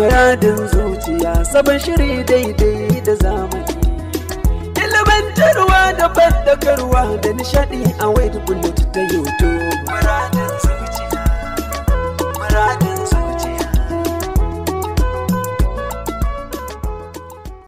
Muradin zuciya sabon shiri daidai da zamani. Ilimantarwa da bandakarwa da nishadi a wayar bullet ta YouTube.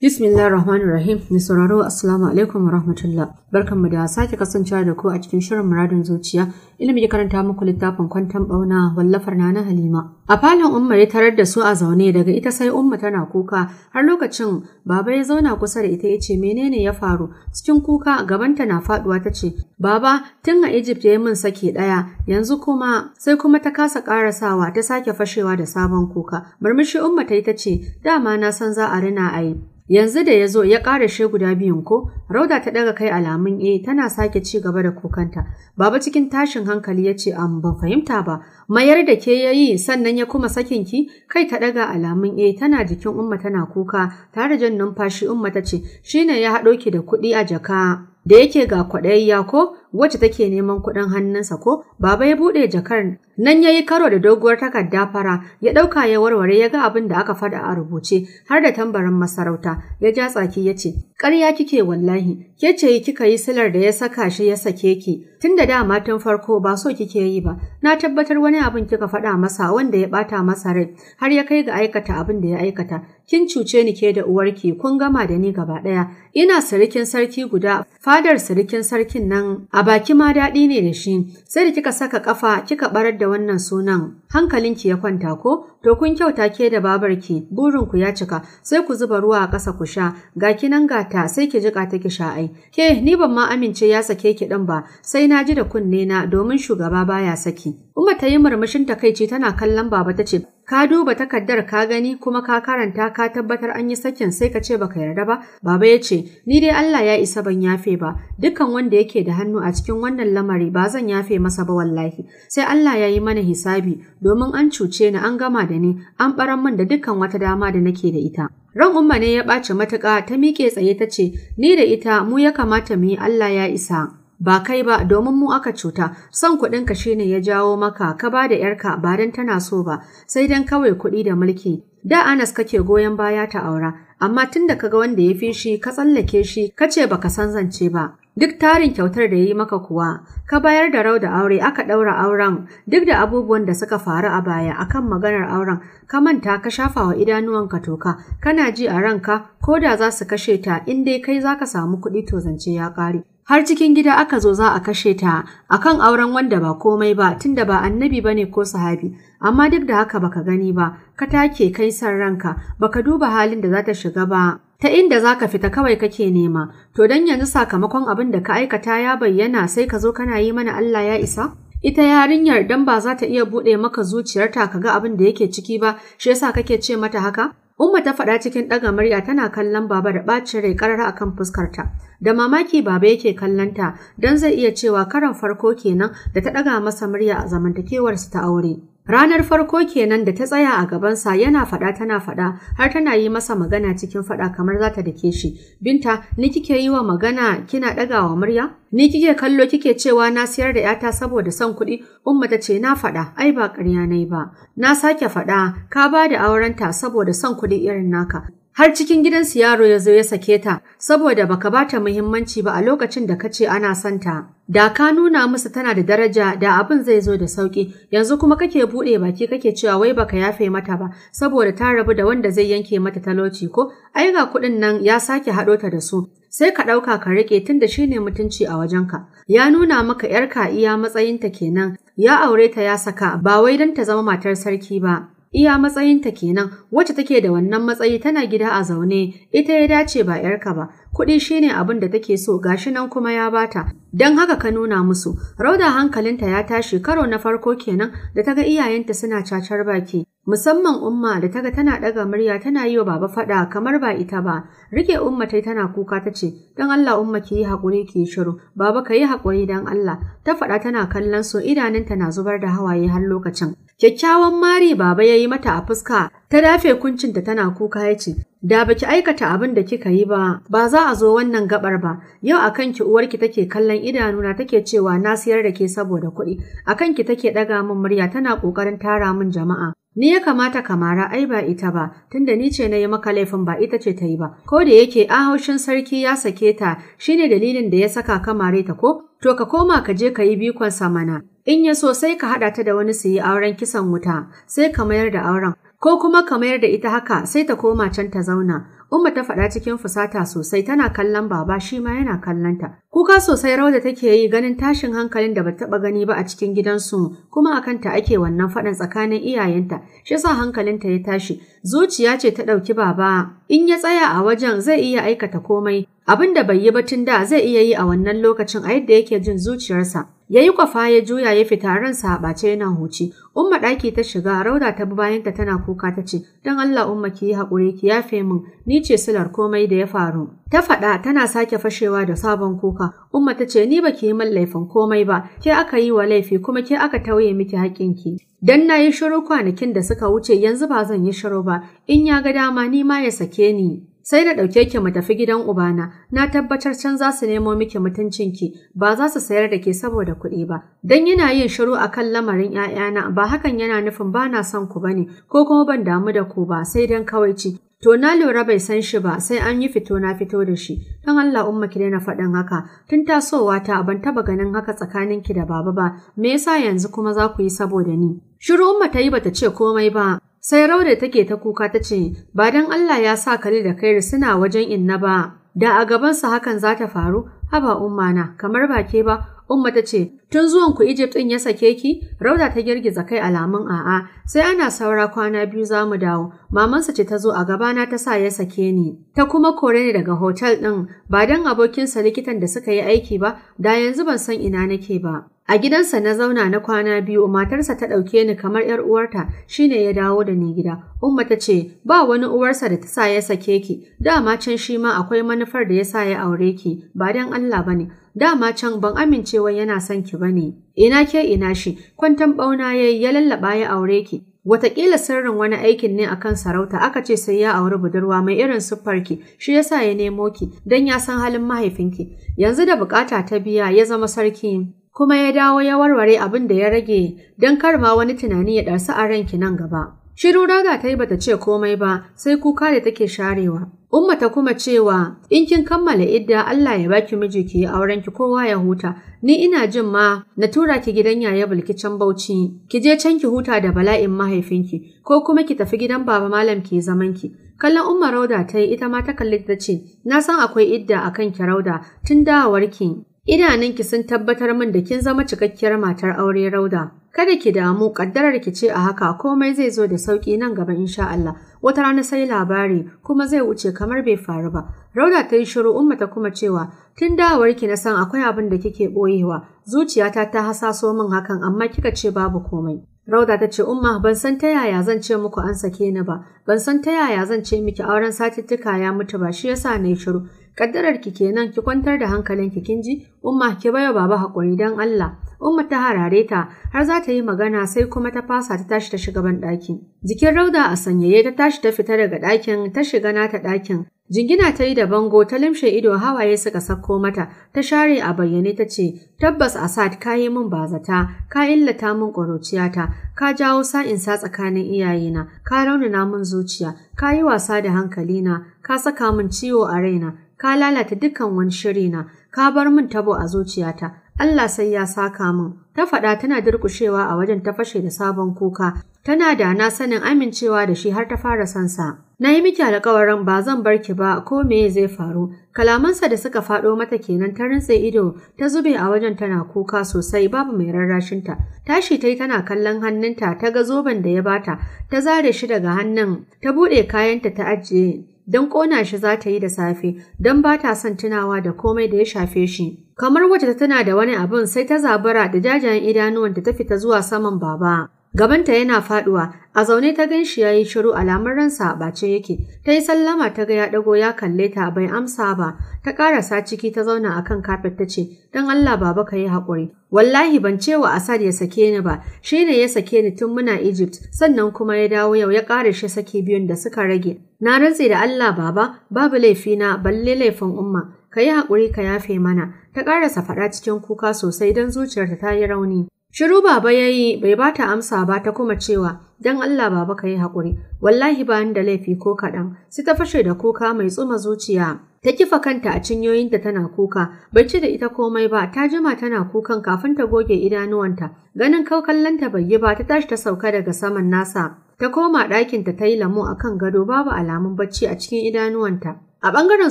Bismillah Rahmanir Rahim, ni sauraro Assalamu alaikum wa rahmatullah. Barkanmu da sake kasancewa da ku a cikin shirin muradin zuciya. ilimi ya karanta muku littafin kwantan bauna wallafar Nana Halima. A falon Umma ya tarar da su a zaune daga ita sai Umma tana kuka har lokacin baba ya zauna kusa da ita yace menene ya faru? Cikin kuka gabanta na faduwa ta ce. baba tun a Egypt ya yi min sake ɗaya, yanzu kuma sai kuma ta kasa karasawa ta sake fashewa da sabon kuka. Murmushi Umma ta yi ce, dama na san za a rina a yi. Yanzu da ya zo ya ƙara she guda biyun ko, Rauda ta ɗaga kai alamun e tana sake ci gaba da kukanta. Baba cikin tashin hankali ya ce, an ban fahimta ba, mayar da ke ya yi sannan ya kuma sakin ki?" Kai ta ɗaga alamun e tana jikin Umma tana kuka, tare jan numfashi Umma ta ce, "Shine ya haɗo ki da kuɗi a jaka." Da yake ga kwaɗayayya ko, wacce take neman kuɗin hannunsa ko baba ya buɗe jakar nan ya yi karo da doguwar takarda fara ya ɗauka ya warware ya ga abin da aka faɗa a rubuce har da tambarin masarauta ya ja tsaki ya ce ƙarya kike wallahi ke ce kika yi silar da ya saka shi ya sake ki tun da dama tun farko ba so kike yi ba na tabbatar wani abin kika faɗa masa wanda ya ɓata masa rai har ya kai ga aikata abin da ya aikata kin cuce ni ke da uwarki kun gama da ni gaba ɗaya ina sirikin sarki guda fadar sirikin sarkin nan a A baki ma daɗi ne da shi, sai da kika saka ƙafa kika barar da wannan sunan. Hankalinki ya kwanta ko? To kun kyauta ke da babarki, burinku ya cika, sai ku zuba ruwa a ƙasa ku sha, ga kinan gata sai ki jiƙa ta ki sha ai. Ke, ni ban ma amince ya sake ki ɗin ba, sai na ji da kunne na domin shugaba baya saki. Uma ta yi murmushin takaici tana kallon baba ta ce, Ka duba takardar ka gani kuma ka karanta ka tabbatar an yi sakin sai ka ce baka yarda ba, baba ya ce, Ni dai Allah ya isa ban yafe ba, dukkan wanda yake da hannu a cikin wannan lamari ba zan yafe masa ba wallahi, sai Allah ya yi mana hisabi domin an cuce ni an gama da ni, an ɓaran min da dukkan wata dama da nake da ita. Ran umma ne ya ɓace matuƙa ta miƙe tsaye ta ce, Ni da ita mu ya kamata mu yi Allah ya isa. ba kai ba domin mu aka cuta son kuɗinka shine ya jawo maka ka ba da ‘yarka ba don tana so ba sai dan kawai kuɗi da mulki da Anas kake goyon baya ta aura amma tun da kaga wanda ya fi shi ka tsallake shi kace baka san zance ba duk tarin kyautar da ya yi maka kuwa ka bayar da rau da aure aka ɗaura auren duk da abubuwan da suka faru a baya akan maganar auren ka manta ka shafa wa idanuwanka toka kana ji a ranka ko da za su kashe ta in dai kai zaka samu kuɗi to zance ya ƙare har cikin gida aka zo za a kashe ta a kan auren wanda ba komai ba tunda ba annabi ba ne ko sahabi amma duk da haka baka gani ba ka take kai san ranka baka duba halin da za ta shiga ba ta inda za ka fita kawai kake nema to don yanzu sakamakon abin da ka aikata ya bayyana sai ka zo kana yi mana Allah ya isa ita yarinyar dan ba za ta iya buɗe maka zuciyarta ka ga abin da yake ciki ba shi yasa kake ce mata haka Umma ta faɗa cikin ɗaga murya tana kallon baba da ɓacin rai ƙarara kan fuskarta. Da mamaki baba yake kallonta don zai iya cewa karan farko kenan da ta ɗaga masa murya a zamantakewarsu ta aure. Ranar farko kenan da ta tsaya a gabansa yana faɗa tana faɗa har tana yi masa magana cikin faɗa kamar za ta dake shi. Binta, ni kike yi wa magana kina ɗaga wa murya? Ni kike kallo kike cewa na siyar da ‘yata saboda son kuɗi? Umma ta ce na faɗa, ai ba ƙarya na ba. Na sake faɗa, ka ba da aurenta saboda son kuɗi irin naka. Har cikin gidan siyaro ya zo ya sake ta, saboda baka ba ta muhimmanci ba a lokacin da ka ce ana son ta. Da ka nuna musu tana da daraja da abin zai zo da sauki, yanzu kuma kake buɗe baki kake cewa wai baka yafe mata ba, saboda ta rabu da wanda zai yanke mata talauci ko, ai ga kuɗin nan ya sake haɗo ta da su. Sai ka ɗauka ka riƙe tun da shi mutunci a wajen ka. Ya nuna maka 'yar ka iya matsayinta kenan, ya aure ta ya saka ba wai don ta zama matar sarki ba. iya matsayinta kenan wacce take da wannan matsayi tana gida a zaune ita ya dace ba yarka ba kuɗi shine abin da take so gashi nan kuma ya bata don haka ka nuna musu rauda hankalinta ya tashi karo na farko kenan da ta ga iyayenta suna cacar baki musamman umma da taga tana ɗaga murya tana yi wa baba faɗa, kamar ba ita ba rike umma tai tana kuka ta ce dan Allah umma ki yi hakuri ki shiru baba ka yi hakuri dan Allah ta faɗa tana kallon su idanunta na zubar da hawaye har lokacin kyakkyawan mari baba ya yi mata a fuska ta dafe kuncinta tana kuka ya ce da baki aikata abin da kika yi ba ba za a zo wannan gabar ba yau akan ki uwarki take kallon idanuna take cewa na siyar da ke saboda kuɗi akan ki take ɗaga min murya tana ƙoƙarin tara min jama'a Ni ya kamata ka mara ai ba ita ba, tunda ni ce na yi maka laifin ba ita ce ta yi ba. Ko da yake a haushin sarki ya sake ta shi ne dalilin da ya saka ka mare ta ko? To ka koma ka je ka yi bikon samana. In ya so sai ka haɗa ta da wani su yi auren kisan wuta, sai ka mayar da auren. Ko kuma ka mayar da ita haka sai ta koma can ta zauna. Umma ta faɗa cikin fusata sosai tana kallon baba shi ma yana kallon ta Kuka sosai rawar da take yi ganin tashin hankalin da ba taɓa gani ba a cikin gidansu kuma a kanta ake wannan faɗin tsakanin iyayenta. Shi sa hankalinta ya tashi. Zuciya ce ta ɗauki baba. In ya tsaya a wajen zai iya aikata komai. Abin da bai yi ba tun da zai iya yi a wannan lokacin a yadda yake jin zuciyarsa. Ya yi kwafa ya juya ya fita ransa a ɓace yana huci. Umma ɗaki ta shiga rauda ta bi bayanta tana kuka ta ce, Don Allah Umma ki yi haƙuri ki yafe min, ni ce silar komai da ya faru. Ta faɗa tana sake fashewa da sabon kuka. Umma ta ce, Ni ba ki yi min laifin komai ba, ke aka yi wa laifi kuma ke aka tauye miki haƙƙinki. Dan na yi shiru kwanakin da suka wuce yanzu ba zan yi shiru ba, in ya ga dama ni ma ya sake ni. Sai da ɗauke ki mu tafi gidan ubana, na tabbatar can za su nemo miki mutuncin ki, ba za su sayar da ke saboda kuɗi ba. Don yana yin shiru akan lamarin ‘ya'yana, ba hakan yana nufin ba na son ku ba ne, ko kuma ban damu da ku ba, sai dan kawai ci. To na lura bai san shi ba sai an yi fito na fito da shi. Don Allah umma ki daina faɗin haka. Tun tasowa ta ban taba ganin haka tsakanin ki da baba ba. Me yasa yanzu kuma za ku yi saboda ni? Shiru umma ta yi bata ce komai ba. Sai raure take ta kuka ta ce, ba don Allah ya sa kali da Kairi suna wajen inna ba, da a gabansa hakan za ta faru, haba ummana. kamar ba ke ba, Umma ta ce, Tun zuwan ku Egypt ɗin ya sake ki, Rauda ta girgiza kai alamun a'a, sai ana saura kwana biyu za mu dawo. Mamansa ce ta zo a gabana ta sa ya sake ni. Ta kuma kore ni daga hotel ɗin, ba don abokinsa likitan da suka yi aiki ba, da yanzu ban san ina nake ba. A gidansa na zauna na kwana biyu, matarsa ta ɗauke ni kamar ‘yar uwarta, shine ya dawo da ni gida. Umma ta ce, ba wani uwarsa da ta sa ya sake ki, dama can shi ma akwai manufar da ya sa ya aure ki, ba don Allah ba ne. Dama can ban amincewa yana son ki ba ne. Ina ke ina shi, kwantan ɓauna ya yi, ya lallaɓa ya aure ki. Watakila sirrin wani aikin ne akan sarauta aka ce sai ya auri budurwa mai irin siffar ki, shi ya sa ya nemo ki don ya san halin mahaifinki yanzu da bukata ta biya ya zama sarki kuma ya dawo ya warware abin da ya rage don kar ma wani tunani ya ɗarsu a ranki nan gaba. Shiru raga ta yi bata ce komai ba sai kuka da take sharewa. Umma ta kuma cewa in kin kammala idda Allah ya baki miji ki yi auren ki kowa ya huta. Ni ina jin ma na tura ki gidan yaya bulki can Bauchi. Ki je can ki huta da bala'in mahaifinki ko kuma ki tafi gidan baba malam ki zaman ki. Kallon Umma Rauda ta yi ita ma ta kalli ta ce na san akwai idda akan ki Rauda tun dawowar ki. Idanunki sun tabbatar min da kin zama cikakkiyar matar aure Rauda. Kada ki damu kaddarar ki ce a haka komai zai zo da sauki nan gaba insha Allah. Wata rana sai labari kuma zai wuce kamar bai faru ba. Rauda ta yi shiru umma ta kuma cewa tun dawarki ki na san akwai abin da kike boyewa. Zuciyata ta hasaso min hakan amma kika ce babu komai. Rauda ta ce umma ban san ta yaya zan ce muku an sake ni ba. Ban san ta yaya zan ce miki auren satittika ya mutu ba shi yasa na yi shiru. Kaddarar ki kenan ki kwantar da hankalin ki kin ji umma ki baya baba hakuri dan Allah. Umma ta harare ta har za ta yi magana sai kuma ta fasa ta tashi ta shiga ban ɗaki. Jikin Rauda a sanyaye ta tashi ta fita daga ɗakin ta shiga nata ɗakin. Jingina ta yi da bango ta limshe ido hawaye suka sako mata ta share a bayyane ta ce tabbas Asad ka yi min bazata ka illata min ƙuruciyata ka jawo sa'in sa tsakanin iyayena ka rauna min zuciya ka yi wasa da hankalina ka saka min ciwo a raina ka lalata dukkan wani shiri na, ka bar min tabo a zuciyata, Allah sai ya saka min. Ta faɗa tana durƙushewa a wajen ta fashe da sabon kuka, tana da na sanin amincewa da shi har ta fara sansa. Na yi miki alƙawarin ba zan bar ki ba ko me zai faru. Kalamansa da suka faɗo mata kenan ta rintse ido ta zube a wajen tana kuka sosai babu mai rarrashinta. Tashi ta yi tana kallon hannunta ta ga zoben da ya bata ta zare shi daga hannun ta buɗe kayanta ta ajiye don ƙona shi za ta yi da safe don ba ta son tunawa da komai da ya shafe shi. Kamar wacce ta tana da wani abin sai ta zabara da jajayen idanuwanta ta fita zuwa saman baba. Gabanta yana faduwa, a zaune ta gan shi yi shiru alamar ransa a bace yake. Ta yi sallama ta ga ya dago ya kalle ta bai amsa ba. Ta karasa ciki ta zauna a kan kafet ta ce, "Dan Allah baba ka yi haƙuri." Wallahi ban ce wa Asad ya sake ni ba, shi ne ya sake ni tun muna Egypt, sannan kuma ya dawo yau ya ƙara shi sake biyun da suka rage. Na rantse da Allah baba, babu laifina balle laifin umma. Ka yi haƙuri ka yafe mana, ta ƙarasa faɗa cikin kuka sosai don zuciyarta ta yi rauni. Shiru baba ya yi bai ba ta amsa ba ta kuma cewa don Allah baba ka yi haƙuri wallahi ba da laifi ko kaɗan sai ta fashe da kuka mai tsuma zuciya ta kifa kanta a cinyoyinta tana kuka bai ci da ita komai ba ta jima tana kukan kafin ta goge idanuwanta ganin kaukallanta bai yi ba ta tashi ta sauka daga saman nasa ta koma ɗakinta ta yi lamu akan gado babu alamun bacci a cikin idanuwanta A ɓangaren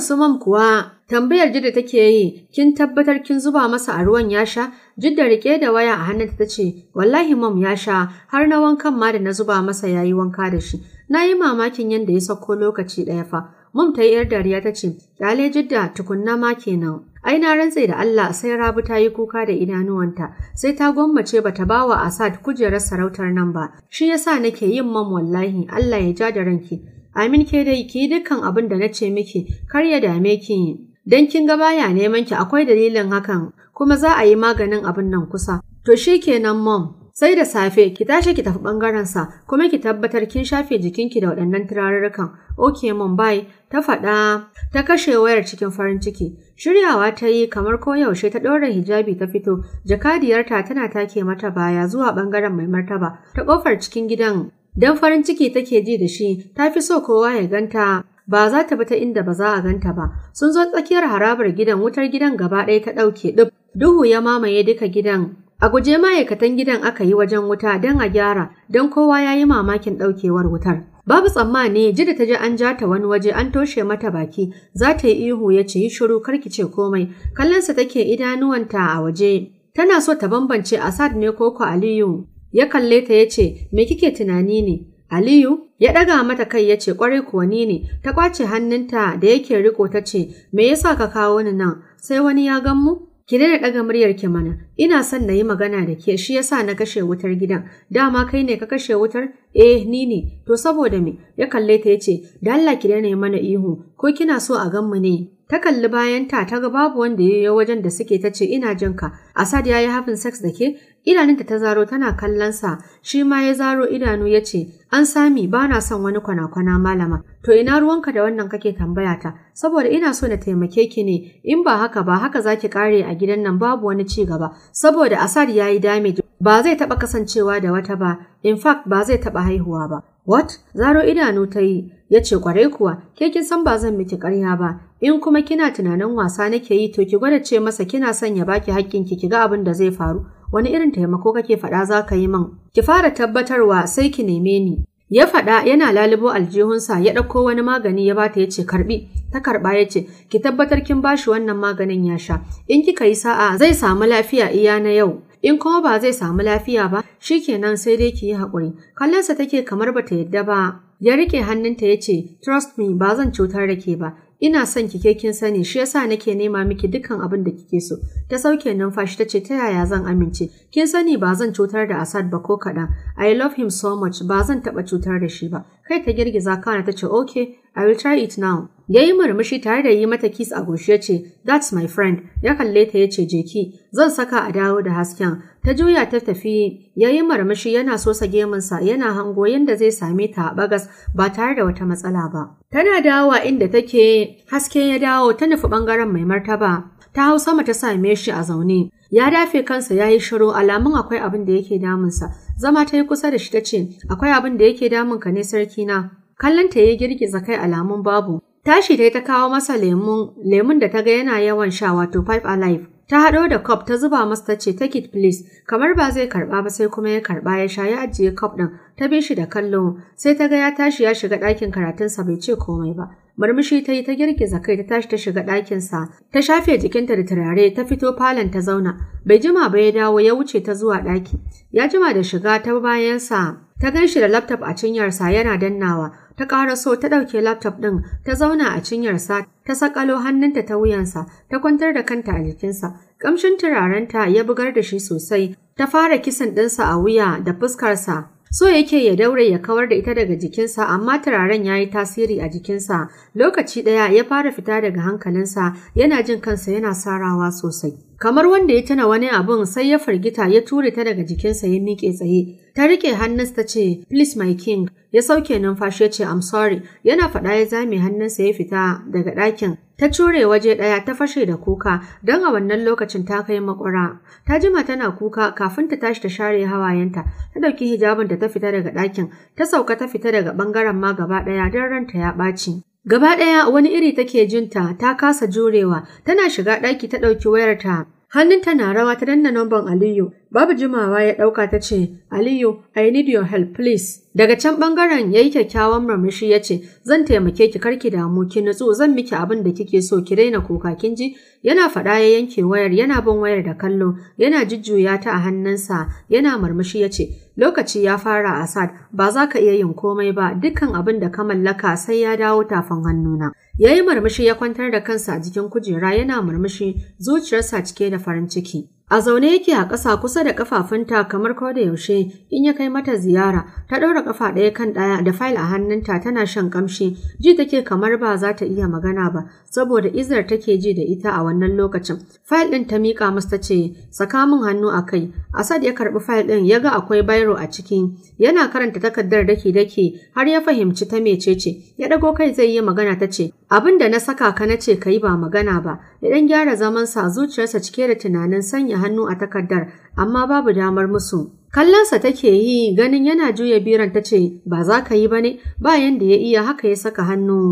su mam kuwa tambayar jidda take yi kin tabbatar kin zuba masa a ruwan ya sha jidda rike da waya a hannunta ta ce wallahi mam ya sha har na wankan ma da na zuba masa ya yi wanka da shi na yi mamakin yadda ya sauko lokaci ɗaya fa mam ta yi yar dariya ta ce ƙyale jidda tukunna ma kenan ai na rantse da Allah sai Rabu ta yi kuka da idanuwanta sai ta gwammace ba bata bawa Asad kujerar sarautar nan ba shi yasa nake yin mam wallahi Allah ya ja da ranki Amin ke dai ki dukkan abin da na ce miki kar ya dame ki. Dan kin ga baya neman ki akwai dalilin hakan kuma za a yi maganin abin nan kusa. To shi kenan mom. Sai da safe ki tashi ki tafi bangaren sa kuma ki tabbatar kin shafe jikinki da waɗannan turarurrukan. Okay mom bye ta faɗa ta kashe wayar cikin farin ciki. Shiryawa ta yi kamar yaushe ta ɗora hijabi ta fito, jakadiyarta tana take mata baya zuwa ɓangaren mai martaba ta ƙofar cikin gidan don farin ciki take ji da shi ta fi so kowa ya ganta ba za ta bi ta inda ba za a ganta ba sun zo tsakiyar harabar gidan wutar gidan gaba ɗaya ta ɗauke ɗuf duhu ya mamaye duka gidan a guje ma'aikatan gidan aka yi wajen wuta don a gyara don kowa ya yi mamakin ɗaukewar wutar babu tsammani ji da ta ji an ja ta wani waje an toshe mata baki za ta yi ihu ya ce yi shiru karki ce komai kallonsa take idanuwanta a waje tana so ta bambance Asad ne koko Aliyu Ya kalle ta ya ce, Me kike tunani ne? Aliyu ya ɗaga mata kai ya ce, Ƙwarai kuwa ni ne, ta ƙwace hannunta da yake riko ta ce, Me yasa ka kawo ni nan? Sai wani ya gan mu? Ki daina ɗaga muryar ki mana, ina son na yi magana da ke shi yasa na kashe wutar gidan, dama kai ne ka kashe wutar? Eh, ni ne, to saboda me? Ya kalle ta ya ce, Da Allah ki daina mana ihu, ko kina so a gan ne? Ta kalli bayanta ta ga babu wanda ya yi wajen da suke ta ce ina jin ka. Asad ya yi hafin sex da ke? Idanunta ta zaro tana kallon sa, shi ma ya zaro idanu ya ce, An sami ba na son wani kwana-kwana malama, to ina ruwanka da wannan kake tambaya ta, saboda ina so na taimake ki ne, in ba haka ba haka za ki kare a gidan nan babu wani ci gaba, saboda Asad ya yi damage, ba zai taɓa kasancewa da wata ba, in fact ba zai taɓa haihuwa ba. What? Zaro idanu ta yi, ya ce kwarai kuwa, ke kin san ba zan miki ƙarya ba, in kuma kina tunanin wasa nake yi to ki gwada ce masa kina son ya baki haƙƙinki ki ga abin da zai faru. Wani irin taimako kake faɗa za ka yi min? Ki fara tabbatarwa sai ki neme ni. Ya faɗa yana lalibo aljihunsa ya ɗauko wani magani ya bata ya ce karɓi. Ta karɓa ya ce ki tabbatar kin bashi wannan maganin ya sha. In kika yi sa'a zai samu lafiya iya na yau. in kuma ba zai samu lafiya ba shi kenan sai dai ki yi haƙuri kallonsa take kamar ba ta yadda ba ya rike hannunta ya ce trust me ba zan cutar da ke ba ina son ki kin sani shi yasa nake nema miki dukkan abin da kike so ta sauke numfashi ta ce ta yaya zan amince kin sani ba zan cutar da Asad ba ko kaɗan i love him so much ba zan taba cutar da shi ba kai ta girgiza kana ce okay I will try it now. Ya yi murmushi tare da yi mata kiss a goshi ya ce, That's my friend. Ya kalle ta ya ce, Jeki, zan saka a dawo da hasken. Ta juya ta tafi, ya yi murmushi yana so sa gemunsa yana hango yadda zai same ta a bagas ba tare da wata matsala ba. Tana dawowa inda take, haske ya dawo ta nufi bangaren mai martaba. Ta hau sama ta same shi a zaune. Ya dafe kansa ya yi shiru alamun akwai abin da yake damunsa. Zama ta yi kusa da shi ta ce, Akwai abin da yake damunka ne sarkina? na. Kallon Kallonta ya girgiza kai alamun babu. Tashi ta ta kawo masa lemun, lemun da ta ga yana yawan sha wato Five Alive. Ta haɗo da cup ta zuba masa ta ce take it please, kamar ba zai karɓa ba sai kuma ya karɓa ya sha ya ajiye cup ɗin, ta bi shi da kallo, sai ta ga ya tashi ya shiga ɗakin karatunsa bai ce komai ba. Murmushi ta yi ta girgiza kai ta tashi ta shiga ɗakinsa, ta shafe jikinta da turare ta fito falon ta zauna. Bai jima ba ya dawo ya wuce ta zuwa ɗaki. Ya jima da shiga ta bayansa, ta gan shi da laptop a cinyarsa yana dannawa. ta ƙara so ta ɗauke laptop ɗin ta zauna a cinyarsa ta saƙalo hannunta ta wuyansa ta kwantar da kanta a jikinsa ƙamshin turarenta ya bugar da shi sosai ta fara kisan ɗinsa a wuya da fuskarsa so yake ya daure ya kawar da ita daga jikinsa amma turaren ya yi tasiri a jikinsa lokaci ɗaya ya fara fita daga hankalinsa yana jin kansa yana sarawa sosai. Kamar wanda ya tana wani abun sai ya firgita ya ture ta daga jikinsa ya miƙe tsaye. Ta riƙe hannunsa ta ce, Please my king, ya sauke numfashi ya ce, I'm sorry. Yana faɗa ya zame hannunsa ya fita daga ɗakin. Ta cure waje ɗaya ta fashe da kuka don a wannan lokacin ta kai makwara. Ta jima tana kuka kafin ta tashi ta share hawayenta. Ta ɗauki hijabin ta fita daga ɗakin. Ta sauka ta fita daga ɓangaren ma gaba ɗaya don ranta ya ɓaci. Gaba ɗaya wani iri take jinta ta kasa jurewa, tana shiga ɗaki ta ɗauki wayarta Hannunta na rawa ta danna nomban Aliyu, babu jimawa ya ɗauka ta ce, Aliyu, I need your help, please. Daga can ɓangaren ya yi kyakkyawan murmushi ya ce, Zan taimake ki karki damu, ki nutsu, zan miki abin da kike so, ki daina kuka, kin ji? Yana faɗa ya yanke wayar, yana bin wayar da kallo, yana jujjuya ta a hannunsa, yana murmushi ya ce, Lokaci ya fara Asad, ba za ka iya yin komai ba, dukkan abin da ka mallaka sai ya dawo tafin hannuna. Ya yi murmushi ya kwantar da kansa a jikin kujera yana murmushi zuciyarsa cike da farin ciki. A zaune yake a ƙasa kusa da ƙafafunta kamar da yaushe in ya kai mata ziyara, ta ɗaura ƙafa ɗaya kan ɗaya da fayil a hannunta tana shan ƙamshi, ji take kamar ba za ta iya magana ba, saboda izar take ji da ita a wannan lokacin. Fayil ɗin ta miƙa masa ta ce, saka min hannu a kai, Asad ya karɓi fayil ɗin ya ga akwai bairo a ciki, yana karanta takardar daki-daki har ya fahimci ta mecece, ya ɗago kai zai yi magana ta ce, abin da na saka ka na ce ka yi ba magana ba, ya ɗan gyara zamansa zuciyarsa cike da tunanin sanya hannu a takardar amma babu damar musu. Kallonsa take yi ganin yana juya biran ta ce ba za ka yi ba ne bayan da ya iya haka ya saka hannu.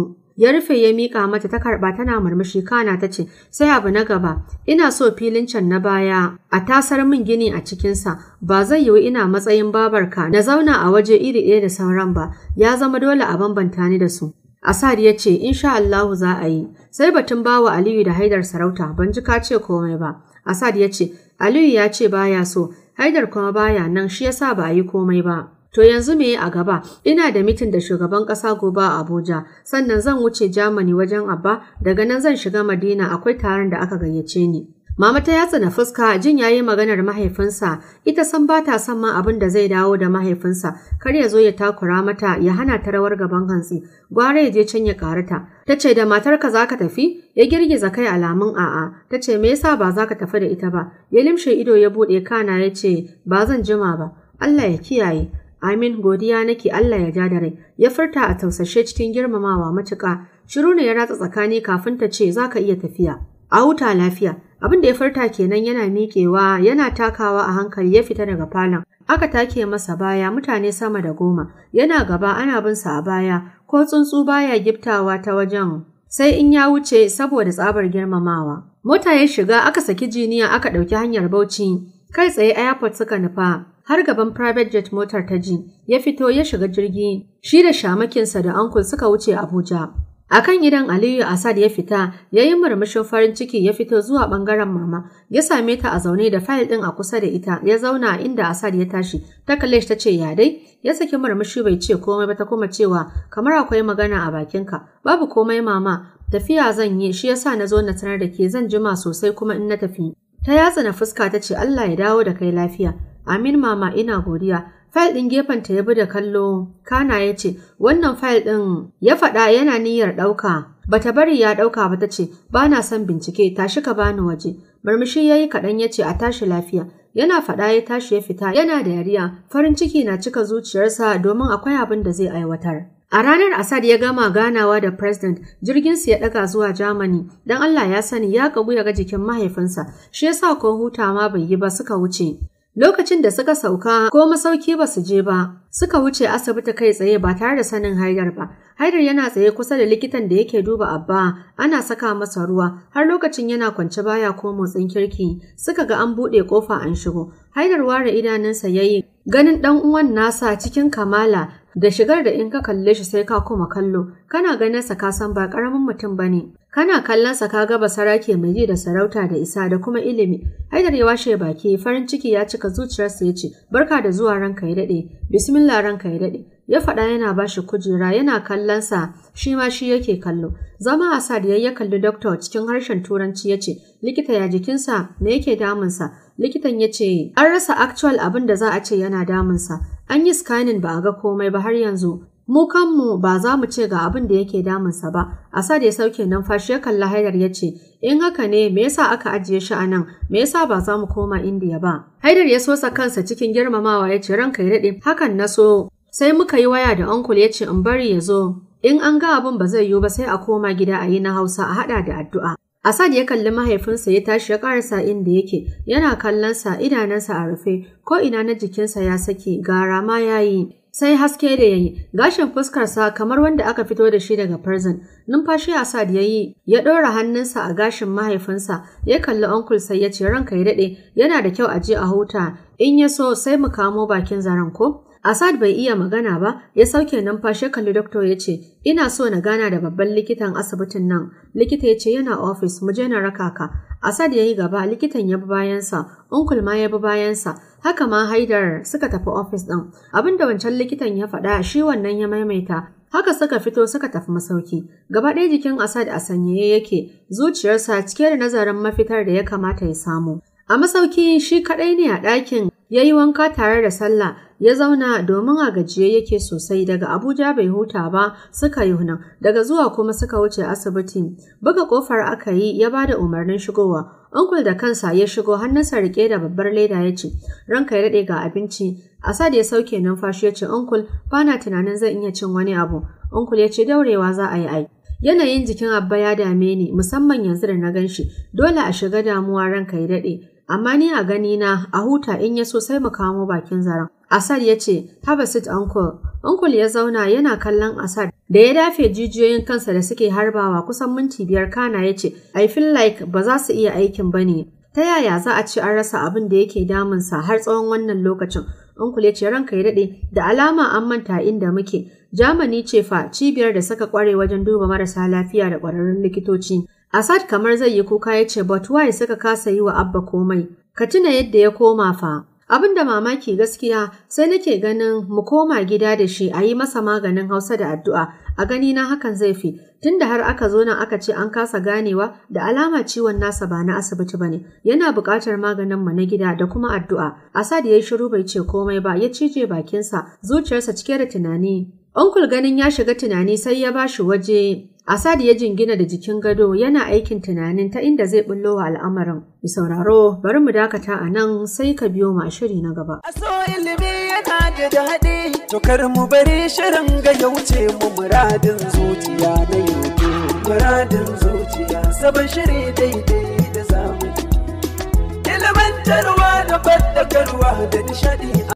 Ya rufe ya miƙa mata ta karɓa tana murmushi kana ta ce sai abu na gaba ina so filin can na baya a tasar min gini a cikinsa ba zai yiwu ina matsayin babarka na zauna a waje iri ɗaya da sauran ba ya zama dole a bambanta ni da su. Asad ya ce, Insha Allahu za a yi, sai batun bawa Aliyu da Haidar sarauta ban ji ka ce komai ba. Asad ya ce, Aliyu ya ce baya so, Haidar kuma baya nan shi yasa ba yi komai ba. To yanzu me a gaba? Ina da mitin da shugaban ƙasa gobe a Abuja, sannan zan wuce Germany wajen Abba, daga nan zan shiga Madina akwai taron da aka gayyace ni. Mama ta yatsa na fuska jin yayi maganar mahaifinsa ita san ba ta son ma abin da zai dawo da mahaifinsa kar ya zo ya takura mata ya hana ta rawar gaban hantsi gwara ya je can ya karata ta ce da matarka za ka tafi ya girgiza kai alamun a'a ta ce me yasa ba za ka tafi da ita ba ya limshe ido ya buɗe kana ya ce ba zan jima ba Allah ya kiyaye Amin godiya nake Allah ya ja da rai, ya furta a tausashe cikin girmamawa matuƙa, shiru ne ya ratsa tsakani kafin ta ce za ka iya tafiya, a huta lafiya, Abin da ya farta kenan yana miƙewa, yana takawa a hankali ya fita daga falon. Aka take masa baya mutane sama da goma, yana gaba ana bin sa a baya, ko tsuntsu baya giftawa ta wajen. Sai in ya wuce saboda tsabar girmamawa. Mota ya shiga aka saki jiniya aka ɗauki hanyar Bauchi, kai tsaye airport suka nufa. Har gaban private jet motar ta ji, ya fito ya shiga jirgi, shi da shamakinsa da ankul suka wuce Abuja. A kan gidan Aliyu Asad ya fita, ya yi murmushin farin ciki ya fito zuwa ɓangaren mama, ya same ta a zaune da fayil ɗin a kusa da ita, ya zauna inda Asad ya tashi, ta kalle ta ce ya dai, ya saki murmushi bai ce komai ba ta kuma cewa kamar akwai magana a bakinka, babu komai mama, tafiya zan yi shi yasa na zo na sanar da ke zan jima sosai kuma in na tafi. Ta yatsa na fuska ta ce Allah ya dawo da kai lafiya. Amin mama ina godiya, Fayil ɗin gefenta ya bi da kallo, Kana ya ce, wannan fayil ɗin ya faɗa yana niyyar ɗauka. Bata bari ya ɗauka ba ta ce, ba na son bincike, tashi ka bani waje. Murmushi ya yi kaɗan ya ce, a tashi lafiya. Yana faɗa ya tashi ya fita, yana da yariya, farin ciki na cika zuciyarsa domin akwai abin da zai aiwatar. A ranar Asad ya gama ganawa da President, jirginsu ya ɗaga zuwa Germany, don Allah ya sani ya kagu ya ga jikin mahaifinsa, shi sa ko huta ma bai yi ba suka wuce. Lokacin da suka sauka ko masauki ba su je ba, suka wuce asibiti kai tsaye ba tare da sanin Haidar ba. Haidar yana tsaye kusa da likitan da yake duba Abba, ana saka masa ruwa, har lokacin yana kwance baya ko motsin kirki, suka ga an buɗe ƙofa an shigo. Haidar ware idanunsa yayi, ganin ɗan uwan nasa cikin kamala da shigar da in ka kalle shi sai ka kuma kallo, kana ganinsa ka san ba ƙaramin mutum bane. Kana kallonsa ka gaba basarake mai ji da sarauta da isa da kuma ilimi. Haidar ya washe baki farin ciki ya cika zuciyarsa ya ce barka da zuwa ranka ya daɗe bismillah ranka ya daɗe. Ya faɗa yana bashi kujera yana kallonsa shi ma shi yake kallo. Zama Asad ya ya kalli doctor cikin harshen turanci ya ce likita ya jikinsa me yake damunsa. Likitan ya ce an rasa actual abin da za a ce yana damunsa. An yi scanning ba a ga komai ba har yanzu Mu kanmu ba za mu ce ga abin da yake damunsa ba, Asad ya sauke numfashi ya kalla Haidar ya ce, In haka ne, me yasa aka ajiye shi a nan, me yasa ba za mu koma Indiya ba? Haidar ya sosa kansa cikin girmamawa ya ce, Ranka ya daɗe, hakan na so. Sai muka yi waya da onkul ya ce, In bari ya zo. In an ga abin ba zai yiwu ba sai a koma gida a yi na Hausa a haɗa da addu'a. Asad ya kalli mahaifinsa ya tashi ya karasa inda yake, yana kallonsa idanunsa a rufe, ko ina na jikinsa ya sake gara ma ya yi. sai haske da yayi gashin fuskarsa kamar wanda aka fito da shi daga prison numfashi a sad yayi ya ɗora hannunsa a gashin mahaifinsa ya kalli uncle sai ya ce ranka ya daɗe yana da kyau a je a huta in ya so sai mu kamo bakin zaren ko Asad bai iya magana ba, ya sauke numfashi kalli doktor ya ce, "Ina so na gana da babban likitan asibitin nan." Likita ya ce yana ofis, mu je na raka ka. Asad ya yi gaba, likitan ya bi bayansa, Unkul ma ya bi bayansa. Haka ma Haidar suka tafi ofis ɗin. Abin da wancan likitan ya faɗa, shi wannan ya maimaita. Haka suka fito suka tafi masauki. Gaba ɗaya jikin Asad a sanyaye yake, zuciyarsa cike da nazarin mafitar da ya kamata ya samu. A masauki shi kaɗai ne a ɗakin ya yi wanka tare da sallah ya zauna domin a gajiye yake sosai daga Abuja bai huta ba suka yi hunan, daga zuwa kuma suka wuce asibitin. buga kofar aka yi ya bada umarnin shigowa Uncle da kansa ya shigo hannunsa rike da babbar leda ya ce ranka ya daɗe ga abinci Asad ya sauke numfashi ya ce Uncle bana tunanin zan iya cin wani abu Uncle ya ce daurewa za a yi ai Yanayin jikin Abba ya dame ni musamman yanzu da na gan shi dole a shiga damuwa ranka ya dade. amma ni a gani na a huta in ya so sai mu kamo bakin zaren Asad ya ce, Habasit Uncle, Uncle ya zauna yana kallon Asad da ya dafe jijiyoyin kansa da suke harbawa kusan minti biyar kana ya ce, I feel like ba za su iya aikin ba ne. Ta yaya za a ce an rasa abin da yake damunsa har tsawon wannan lokacin? Uncle ya ce ranka ya daɗe da alama an manta inda muke. Germany ce fa cibiyar da suka kware wajen duba marasa lafiya da ƙwararrun likitoci. Asad kamar zai yi kuka ya ce but why suka kasa yi wa Abba komai. Ka tuna yadda ya koma fa. Abin da mamaki gaskiya sai nake ganin mu koma gida da shi a yi masa maganin Hausa da addu'a a gani na hakan zai fi tunda har aka zo nan aka ce an kasa ganewa da alama ciwon nasa ba na asibiti bane yana buƙatar maganin mu na gida da kuma addu'a Asad ya yi shiru bai ce komai ba ya cije bakinsa zuciyarsa cike da tunani Onkul ganin ya shiga tunani sai ya bashi waje Asad ya jingina da jikin gado yana aikin tunanin ta inda zai bullo wa al'amarin. Mu sauraro bari mu dakata a nan sai ka biyo ma shiri na gaba. Aso ilimi yana da daɗi, to kar mu bari shirin ga ya wuce mu muradin zuciya na yanzu. Muradin zuciya sabon shiri daidai da zamani. Ilimantarwa da fadakarwa da nishaɗi.